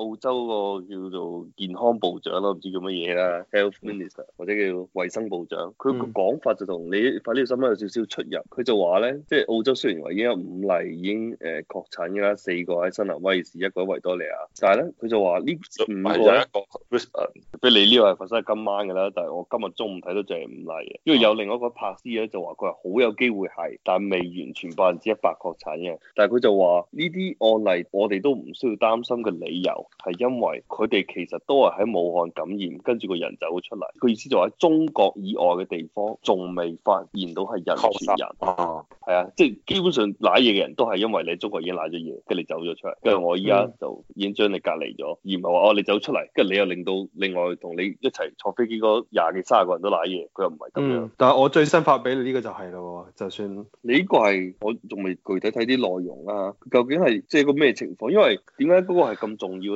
澳洲個叫做健康部長咯，唔知叫乜嘢啦，Health Minister 或者叫衞生部長，佢個講法就同你發呢條新聞有少，少少出入。佢就話咧，即係澳洲雖然話已經有五例已經誒確診嘅啦，四個喺新南威士，一個喺維多利亞，但係咧佢就話呢個，唔係有一個，uh, 比你呢個係發生今晚嘅啦，但係我今日中午睇到就係五例，因為有另外一個拍師咧就話佢係好有機會係，但未完全百分之一百確診嘅。但係佢就話呢啲案例我哋都唔需要擔心嘅理由。係因為佢哋其實都係喺武漢感染，跟住個人走咗出嚟。佢意思就喺中國以外嘅地方仲未發現到係人傳人。係啊，即係基本上瀨嘢嘅人都係因為你中國已經瀨咗嘢，跟住你走咗出嚟。跟住我依家就已經將你隔離咗，嗯、而唔係話哦你走出嚟，跟住你又令到另外同你一齊坐飛機嗰廿幾卅個人都瀨嘢。佢又唔係咁樣。嗯、但係我最新發俾你呢個就係咯，就算你呢個係我仲未具體睇啲內容啦、啊，究竟係即係個咩情況？因為點解嗰個係咁重要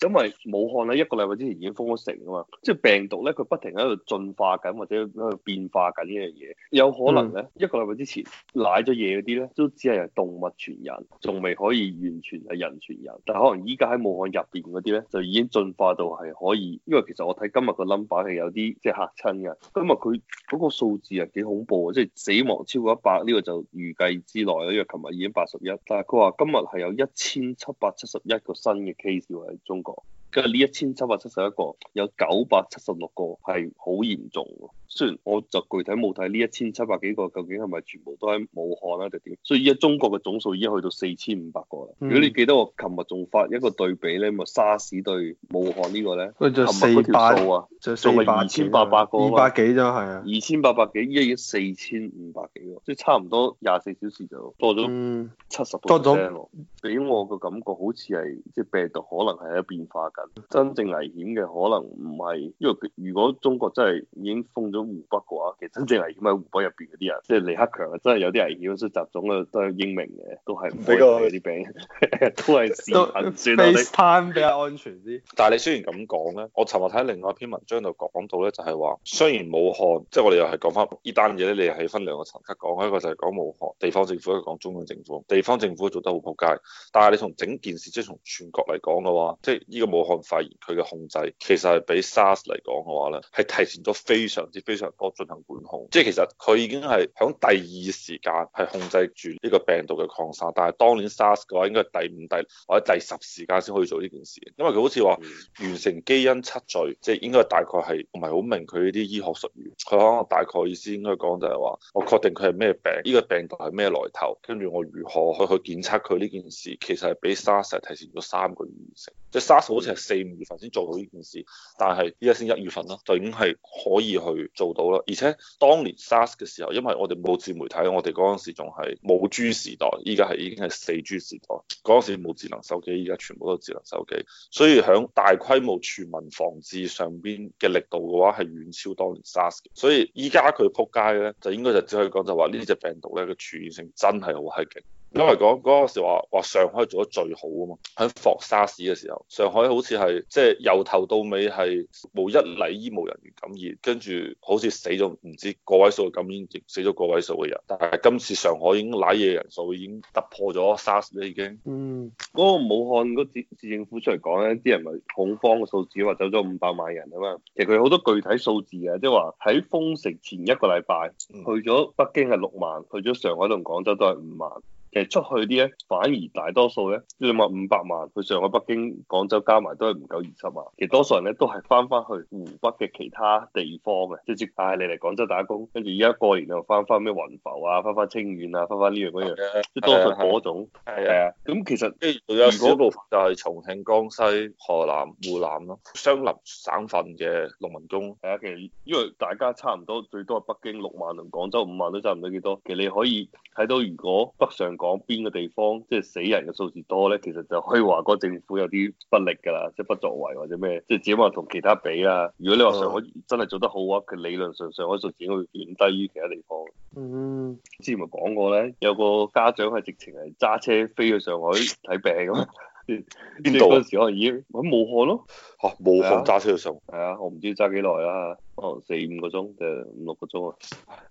因為武漢喺一個禮拜之前已經封咗城啊嘛，即係病毒咧佢不停喺度進化緊，或者喺度變化緊呢樣嘢。有可能咧、嗯、一個禮拜之前瀨咗嘢嗰啲咧，都只係動物傳人，仲未可以完全係人傳人。但係可能依家喺武漢入邊嗰啲咧，就已經進化到係可以。因為其實我睇今日個 number 係有啲即係嚇親嘅，今日佢嗰個數字係幾恐怖啊！即係死亡超過一百呢個就預計之內啦，因為琴日已經八十一，但係佢話今日係有一千七百七十一個新嘅 case 喺中國。咁啊！呢一千七百七十一個，有九百七十六個係好嚴重喎。雖然我就具體冇睇呢一千七百幾個究竟係咪全部都喺武漢啦定點。所以而家中國嘅總數已經去到四千五百個啦。嗯、如果你記得我琴日仲發一個對比咧，咪沙士對武漢呢個咧，琴日嗰條數啊，仲係二千八百個，二、嗯、百2，幾都係啊，二千八百幾，依家已經四千五百幾。即差唔多廿四小時就多咗七十多宗咯，俾我嘅感覺好似係即係病毒可能係喺變化緊。真正危險嘅可能唔係，因為如果中國真係已經封咗湖北嘅話，其實真正危險喺湖北入邊嗰啲人。即係李克強啊，真係有啲危險，所以習總啊都係英明嘅，都係唔好睇嗰啲病，我 都係時間、so, 比較安全啲。 但係你雖然咁講咧，我尋日睇另外一篇文章度講到咧，就係話雖然武漢即係我哋又係講翻呢單嘢咧，你係分兩個層級講。一個就係講武漢地方政府，一個講中央政府。地方政府做得好撲街，但係你從整件事即係從全國嚟講嘅話，即係呢個武漢肺炎佢嘅控制，其實係比 SARS 嚟講嘅話咧，係提前咗非常之非常多進行管控。即係其實佢已經係響第二時間係控制住呢個病毒嘅擴散。但係當年 SARS 嘅話，應該係第五、第或者第十時間先可以做呢件事。因為佢好似話完成基因測序，即係應該大概係唔係好明佢呢啲醫學術語。佢可能大概意思應該講就係話，我確定佢係。咩病？呢個病毒係咩來頭？跟住我如何去去檢測佢呢件事？其實係比 SARS 提前咗三個月完成。即係 SARS 好似係四五月份先做到呢件事，但係依家先一月份咯，就已經係可以去做到啦。而且當年 SARS 嘅時候，因為我哋冇自媒體，我哋嗰陣時仲係冇 G 時代，依家係已經係四 G 時代。嗰陣時冇智能手機，依家全部都係智能手機，所以喺大規模全民防治上邊嘅力度嘅話係遠超當年 SARS 嘅。所以依家佢撲街咧，就應該就只可以講就話。呢隻病毒咧，個傳染性真係好閪勁。因為講嗰個時話上海做咗最好啊嘛，喺防沙士嘅時候，上海好似係即係由頭到尾係無一例醫務人員感染，跟住好似死咗唔知個位數咁，已經，死咗個位數嘅人。但係今次上海已經瀨嘢嘅人數已經突破咗沙士啦，已經。嗯，嗰、嗰個武漢個市市政府出嚟講咧，啲人咪恐慌嘅數字話走咗五百萬人啊嘛。其實佢好多具體數字嘅，即係話喺封城前一個禮拜，去咗北京係六萬，去咗上海同廣州都係五萬。其實出去啲咧，反而大多數咧，你話五百萬去上海、北京、廣州加埋都係唔夠二十萬。其實多數人咧都係翻翻去湖北嘅其他地方嘅，即係接帶你嚟廣州打工，跟住而家過年又翻翻咩雲浮啊，翻翻清遠啊，翻翻呢樣嗰樣，即係多數嗰種。係啊，咁其實即係仲有少部分就係重慶、江西、河南、湖南咯，相鄰省份嘅農民工。係啊，其實因為大家差唔多，最多係北京六萬同廣州五萬都差唔多幾多。其實你可以睇到，如果北上講邊個地方即係死人嘅數字多咧，其實就可以話嗰政府有啲不力噶啦，即係不作為或者咩，即係只冇話同其他比啦。如果你話上海真係做得好嘅話，佢理論上上海數字會遠低於其他地方。嗯，之前咪講過咧，有個家長係直情係揸車飛去上海睇病咁，呢度嗰時可能已經喺武漢咯。吓，武漢揸車去上海啊，我唔知揸幾耐啦。哦，四五個鐘定五六個鐘啊？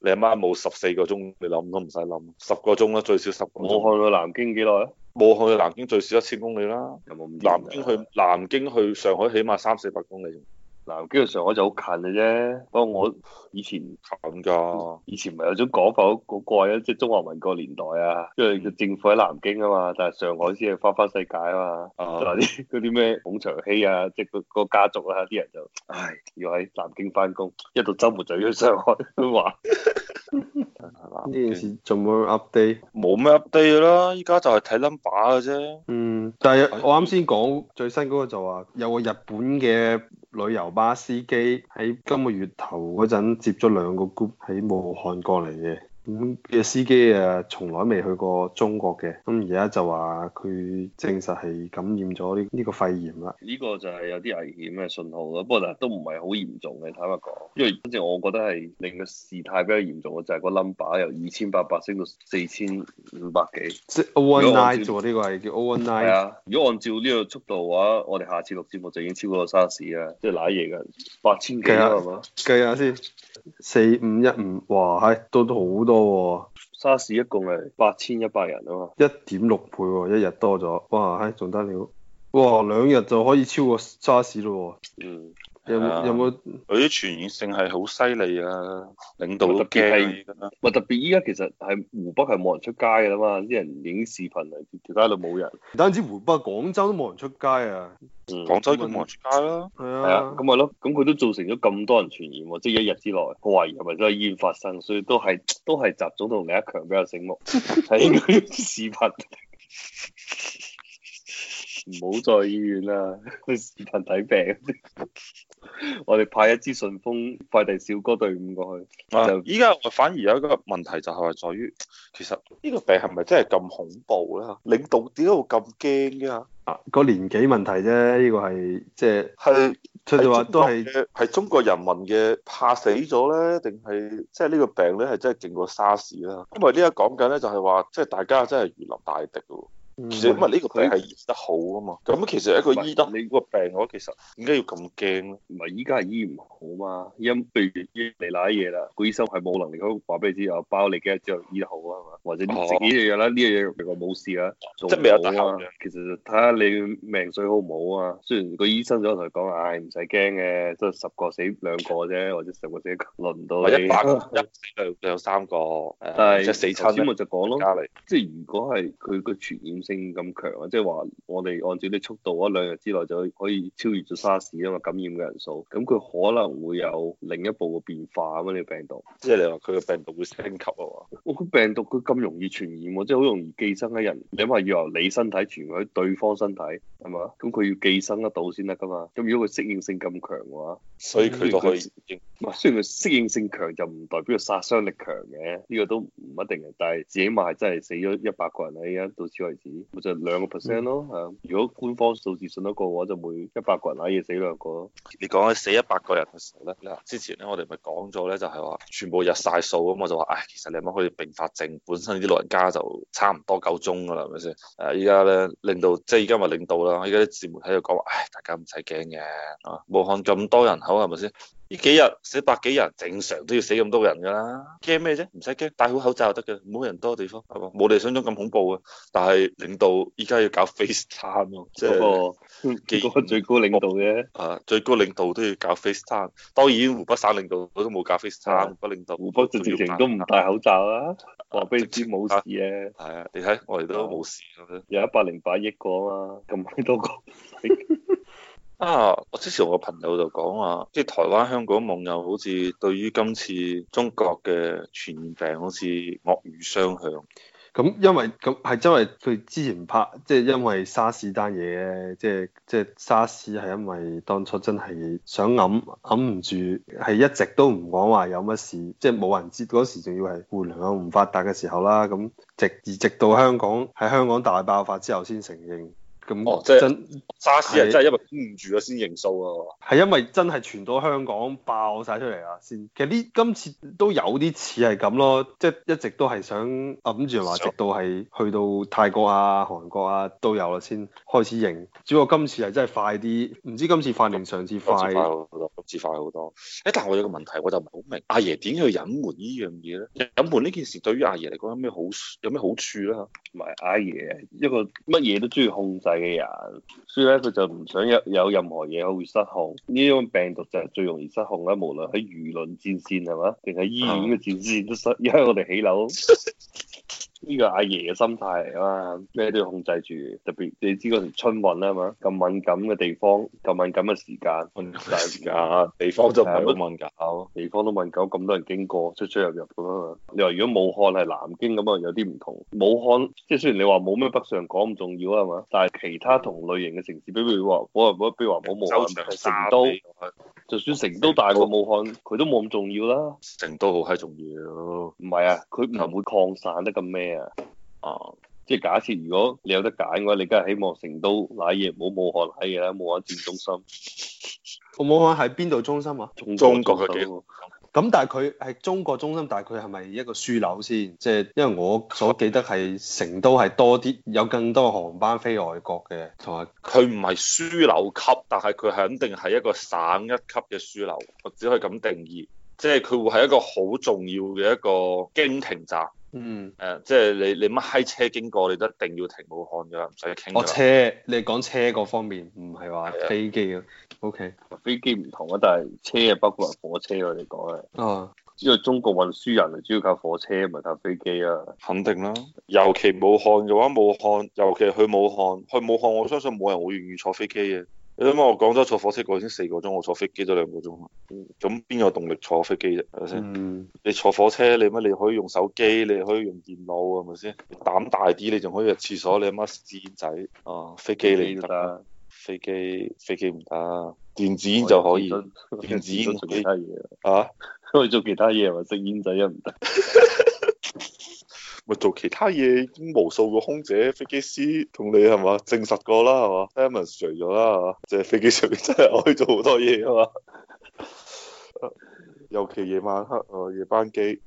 你阿媽冇十四個鐘，你諗都唔使諗，十個鐘啦，最少十個。武漢去南京幾耐啊？武漢去南京最少一千公里啦。有冇？南京去南京去上海起碼三四百公里。南京同上海就好近嘅啫，不過我以前近噶，以前咪有種講法好怪咧，即係中華民國年代啊，因為個政府喺南京啊嘛，但係上海先係花花世界啊嘛，嗱啲嗰啲咩孔祥熙啊，即係個個家族啊，啲人就唉要喺南京翻工，一到周末就要去上海，呢 件事仲冇 update，冇咩 update 啦，依家就係睇 number 嘅啫。嗯，但係我啱先講最新嗰個就話有個日本嘅。旅遊巴司機喺今個月頭嗰陣接咗兩個 group 喺武漢過嚟嘅。咁嘅司機啊，從來未去過中國嘅，咁而家就話佢證實係感染咗呢呢個肺炎啦。呢個就係有啲危險嘅信號咯，不過都唔係好嚴重嘅，坦白講。因為反正我覺得係令個事態比較嚴重嘅就係個 number 由二千八百升到四千五百幾。即係 overnight 做呢個係叫 overnight 啊，如果按照呢個速度嘅話，我哋下次錄節目就已經超過沙士啦，即係瀨嘢噶，八千幾啦係嘛？計下先。吧四五一五，15, 哇嗨，都都好多喎！沙士一共係八千一百人啊嘛，一點六倍、喎，一日多咗，哇嗨，仲得了，哇，兩、哎哦、日就可以超過沙士咯喎，嗯。有冇有冇佢啲傳染性係好犀利啊！領導都驚啊！咪特別依家其實係湖北係冇人出街嘅啦嘛，啲人影視頻嚟，條街度冇人。唔單止湖北，廣州都冇人出街啊！嗯、廣州都冇人出街啦。係啊，咁咪咯，咁佢、啊啊就是、都造成咗咁多人傳染、啊，即、就、係、是、一日之內，懷疑係咪都係醫院發生？所以都係都係習總同李克強比較醒目，睇啲 視頻。唔好再醫院啊！去視頻睇病。 我哋派一支順豐快遞小哥隊伍過去。就依家反而有一個問題就係話在於，其實呢個病係咪真係咁恐怖咧？領導點解會咁驚㗎？啊，個年紀問題啫，呢、這個係即係。係、就是，佢哋話都係係中國人民嘅怕死咗咧，定係即係呢個病咧係真係勁過沙士啦。因為呢一講緊咧就係話，即、就、係、是、大家真係如臨大敵咯。其實唔係呢個佢係醫得好啊嘛，咁其實一個醫得你個病，我其實點解要咁驚？唔係依家係醫唔好嘛，因譬如嚟嗱啲嘢啦，個醫生係冇能力，我話俾你知啊，包你幾日之後醫得好啊嘛，或者你自己嘅藥啦，呢樣嘢我冇事啊，即係未有答案呀。哦、其實睇下你命水好唔好啊？雖然個醫生就同你講，唉、哎，唔使驚嘅，即係十個死兩個啫，或者十個死輪到你。一死兩兩三個， 但是即係四十，咁我就講咯，即係如果係佢個傳染性咁強啊！即係話我哋按照啲速度，一兩日之內就可以超越咗沙士啊嘛，感染嘅人數，咁佢可能會有另一步嘅變化咁樣呢個病毒。即係你話佢個病毒會升級啊嘛？我個、哦、病毒佢咁容易傳染、啊，即係好容易寄生喺人。你話要由你身體傳去對方身體，係咪咁佢要寄生得到先得㗎嘛？咁如果佢適應性咁強嘅話，所以佢就可以唔係。雖然佢適應性強，就唔代表殺傷力強嘅。呢、呢個都唔一定嘅，但係自己起碼係真係死咗一百個人喺而家到此為止。咪就兩個 percent 咯嚇，嗯、如果官方數字信得過嘅話，就每一百個人可以死兩個咯。你講緊死一百個人嘅時候咧，嗱之前咧我哋咪講咗咧，就係話全部入晒數咁，我就話，唉、哎，其實你乜可以併發症，本身啲老人家就差唔多夠鐘噶啦，係咪先？誒，依家咧令到，即係依家咪令到啦。依家啲節目喺度講話，唉、哎，大家唔使驚嘅，啊，武漢咁多人口係咪先？呢幾日死百幾人，正常都要死咁多人噶啦，驚咩啫？唔使驚，戴好口罩得嘅，冇人多地方係冇你想像咁恐怖嘅。但係領導依家要搞 face time，、嗯、即係嗰個嗰最高領導嘅，啊最高領導都要搞 face time 當然湖北省領導嗰都冇搞 face time 的湖北領導湖北直情都唔戴口罩啦，話俾你知冇事啊。係啊，你睇我哋都冇事，有一百零八億個啊嘛，咁多個。 啊！我之前我朋友就講話，即係台灣香港網友好似對於今次中國嘅傳染病好似惡語相向。咁因為咁係因為佢之前拍，即係因為沙士單嘢咧，即係即係沙士係因為當初真係想揞，揞唔住，係一直都唔講話有乜事，即係冇人知嗰時仲要係互聯網唔發達嘅時候啦。咁直而直到香港喺香港大爆發之後先承認。咁那、哦、即係真沙士係真係因為控唔住啊，先認數啊！係因為真係傳到香港爆晒出嚟啊，先。其實呢今次都有啲似係咁咯，即係一直都係想揞住話，啊、直到係去到泰國啊、韓國啊都有啦先開始認。只不過今次係真係快啲，唔知今次快定上次快？就上次快好多。誒，但係我有個問題，我就唔係好明，阿爺點去隱瞞呢樣嘢咧？隱瞞呢件事對於阿爺嚟講有咩好有咩好處咧？唔係阿爺一個乜嘢都中意控制嘅人，所以咧佢就唔想有有任何嘢好會失控。呢種病毒就係最容易失控啦，無論喺輿論戰線係嘛，定係醫院嘅戰線 都失，因為我哋起樓。呢個阿爺嘅心態嚟啊咩都要控制住，特別你知嗰陣春運啦嘛，咁敏感嘅地方，咁敏感嘅時間，時間地方就唔係咁敏感地方都敏感，咁多人經過出出入入咁啊嘛。你話如果武漢係南京咁樣，有啲唔同。武漢即係雖然你話冇咩北上廣咁重要啊嘛，但係其他同類型嘅城市，比如話，我我比如話冇武漢，成都，就算成都大過武漢，佢都冇咁重要啦。成都好係重要，唔係啊，佢唔係會擴散得咁咩？啊、嗯，即係假設，如果你有得揀嘅話，你梗係希望成都瀨嘢，唔好武漢瀨嘢啦，武漢玩中心。武漢喺邊度中心啊？中國嘅幾好。咁但係佢係中國中心，但係佢係咪一個樞紐先？即係因為我所記得係成都係多啲，有更多航班飛外國嘅，同埋佢唔係樞紐級，但係佢肯定係一個省一級嘅樞紐。我只可以咁定義，即係佢會係一個好重要嘅一個經停站。嗯，誒、mm，hmm. uh, 即係你你乜閪車經過，你都一定要停武漢㗎，唔使傾。我、oh, 車，你係講車嗰方面，唔係話飛機啊。O、okay. K，飛機唔同啊，但係車啊，包括火車，我哋講啊。啊，因為中國運輸人啊，主要靠火車，唔係靠飛機啊。肯定啦，尤其武漢嘅話，武漢尤其去武漢，去武漢，我相信冇人會願意坐飛機嘅。你諗下，我廣州坐火車過去先四個鐘，我坐飛機都兩個鐘。咁邊有動力坐飛機啫？係咪先？你坐火車，你乜你可以用手機，你可以用電腦，係咪先？你膽大啲，你仲可以入廁所，你阿媽食煙仔。哦、啊，飛機嚟得，飛機，飛機唔得，電子煙就可以，電子煙 做其他嘢。啊，可以 做其他嘢，唔係食煙仔又唔得。 咪做其他嘢，已經無數個空姐、飛機師同你係嘛證實過啦，係嘛？Simon s 睡咗啦，即係飛機上面真係可以做好多嘢啊嘛，尤其夜晚黑啊、呃，夜班機。